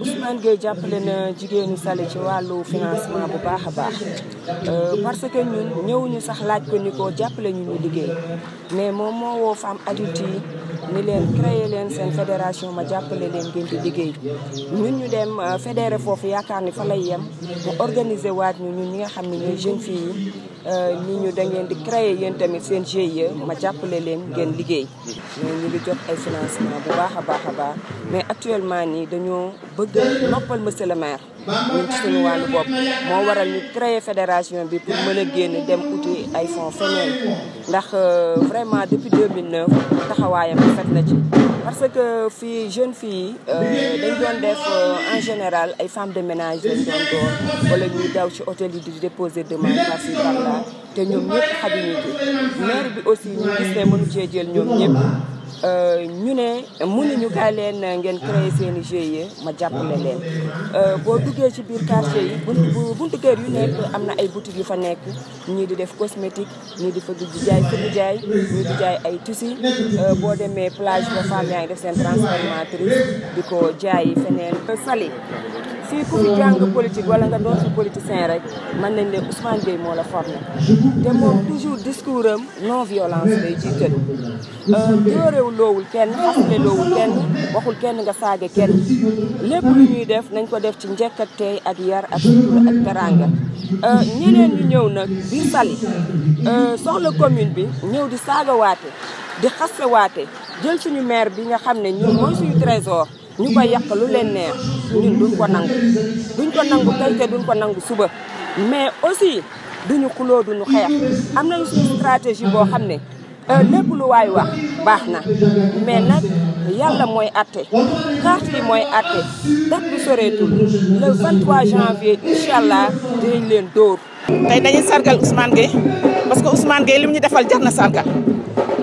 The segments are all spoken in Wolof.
Ousmane Gueye jàppale na jigéenu Saly ci wàllu financement bu baax a baax euh, parce que ñun ñëwuñu sax laaj ko ni ko jàppale ñu ñu liggéey mais moom moo woo femme adulte yi ni leen créer leen seen fédération ma jàppale leen ngeen di liggéey ñun ñu dem euh, fédéré foofu yaakaar ni fa lay yem mu organiser waat ñu ñun ñi nga xam ne ñooy jeunes yi Euh, ni ñu da ngeen di créer yéen tamit seen GIE ma jàppale leen ngeen liggéey mais ñu ngi jot ay financement bu baax a baax a baax mais actuellement nii dañoo bëgg noppal monsieur le maire ñun ci suñu wàllu bopp moo waral ñu créer fédération bi pour mën a génn dem uti ay fonds feneen ndax euh, vraiment depuis 2009 taxawaayam rafet na ci parce que fii jeune fille yi euh, dañ doon def en général ay femmes de ménage lañ doon door wala ñuy daw ci hôtel yi di déposer demande par ci par là te ñoom ñëpp xajuñu ci maire bi aussi ñu gis ne mënu cee jël ñoom ñëpp euh, ñu ne mënuñu kaay leen ngeen créer seeni i ma jàppale leen euh, boo duggee ci biir quartier yi buntu buntu kër yu nekk am na ay boutiques yu fa nekk ñii di def cosmétique ñii di fa di jaay fëgg jaay ñii di jaay ay tissu euh, boo demee plage ba femme yaa ngi def seen transformatrice di ko jaayi feneen sali fii ku fi jàng politique wala nga doon fi politicien rek mën nañ ne Ousmane Gueye moo la formé te moom toujours discours am non violence lay jiital euh, dóorewu loowul kenn kenn waxul kenn nga saaga kenn lépp lu ñuy def nañ ko def ci njëkk ak tey ak yar ak sutura euh, ñeneen ñëw nag biir Saly euh, soxla commune bi ñëw di saaga waate di xaste waate jël suñu maire bi nga xam ne ñun mooy suñu trésor ñu koy yàq lu leen neex ñun duñ ko nangu duñ ko nangu tey te duñ ko nangu suba mais aussi duñu xuloo duñu xeex am nañ suñu stratégie boo xam ne euh, lépp lu waay wax baax na mais nag yàlla mooy atte carte yi mooy atte date bi soreetul le 23 janvier incha allah dinañ leen dóor. tey dañuy sargal Ousmane Gueye parce que Ousmane Gueye li mu ñu defal jar na sargal.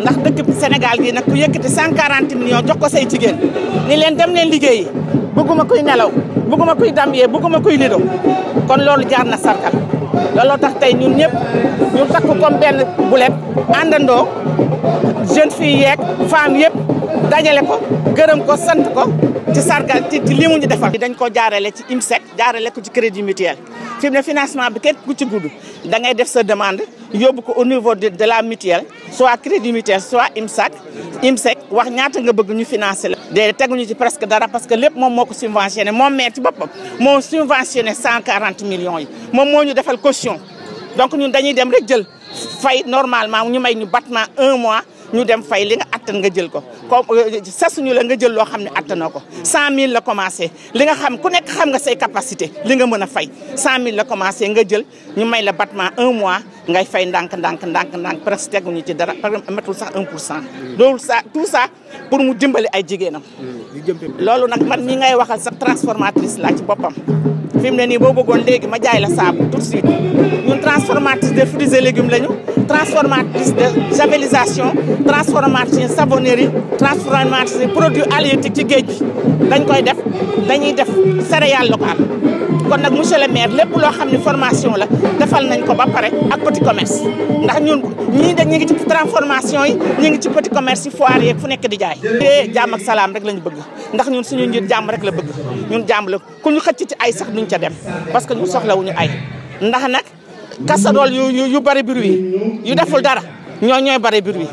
ndax dëkk bi Sénégal gi nak ku yëkëti 140 millions jox ko say jigen ni leen dem leen liggéey bëgguma kuy nelaw bëgguma kuy damyee bëgguma kuy lido kon loolu jaar na sarkal loolu tax tay ñun ñëpp ñu takk comme ben bulet andando jeune fille yek femme yëpp dajalé ko gërëm ko sant ko ci sarkal ci limu ñu defal. dañ ko jaarale ci IMSEC jaarale ko ci crédit mutuel fi ne financement bi képp ku ci gudd da ngay def sa demande yóbbu ko au niveau de la mutuelle. soit crédit mutuel soit IMSAC IMSEC wax ñaata nga bëgg ñu financer la. déedéet teguñu ci presque dara parce que lepp mom moko ko subventionné moom maire ci boppam mo subventionné 140 millions yi mom mo ñu defal caution donc ñun dañuy dem rek jël fay normalement ñu may ñu battement un mois. ñu dem fay li nga attan nga jël ko ko euh, sasuñu la nga jël loo xam ne attanoo ko cent mille la commencé li nga xam ku nekk xam nga say capacité li nga mën a fay cent mille la commencé nga jël ñu may la battement un mois ngay fay ndànk ndànk ndànk ndànk presque teguñu ci dara matul sax un pour cent mm. loolu ça tout ça pour mu dimbali ay jigéenam mm. loolu nag man ñi ngay waxal sax transformatrice laa ci boppam fi mu ne nii boo bëggoon léegi ma jaay la saabu tout de suite ñun transformatrice de fruits et légumes lañu transformatrice de javélisation transformatrice savonnerie transformatrice produit halieutique ci géej bi dañ koy def dañuy def céréales local kon nag monsieur le maire lépp loo xam ne formation la defal nañ ko ba pare ak petit commerce ndax ñun ñii de ñu ngi ci transformation yi ñu ngi ci petit commerce yi foire yeeg fu nekk di jaay. te jàmm ak salaam rek lañu bëgg ndax ñun suñu njiit jàmm rek la bëgg ñun jàmm la ku ñu xëcc ci ay sax duñ ca dem parce que ñu soxlawuñu ay ndax nag casserole yu yu bari bruit yu deful dara. ñoo ñooy bare bruit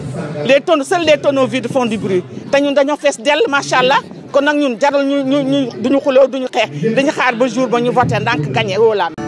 les tonneaux seuls les tonneaux vides font du bruit te ñun dañoo fees dell macha allah kon nag ñun jaral ñu ñu duñu xuloo duñu xeex dañu xaar ba jour ba ñu voté ndànk gagné woo laan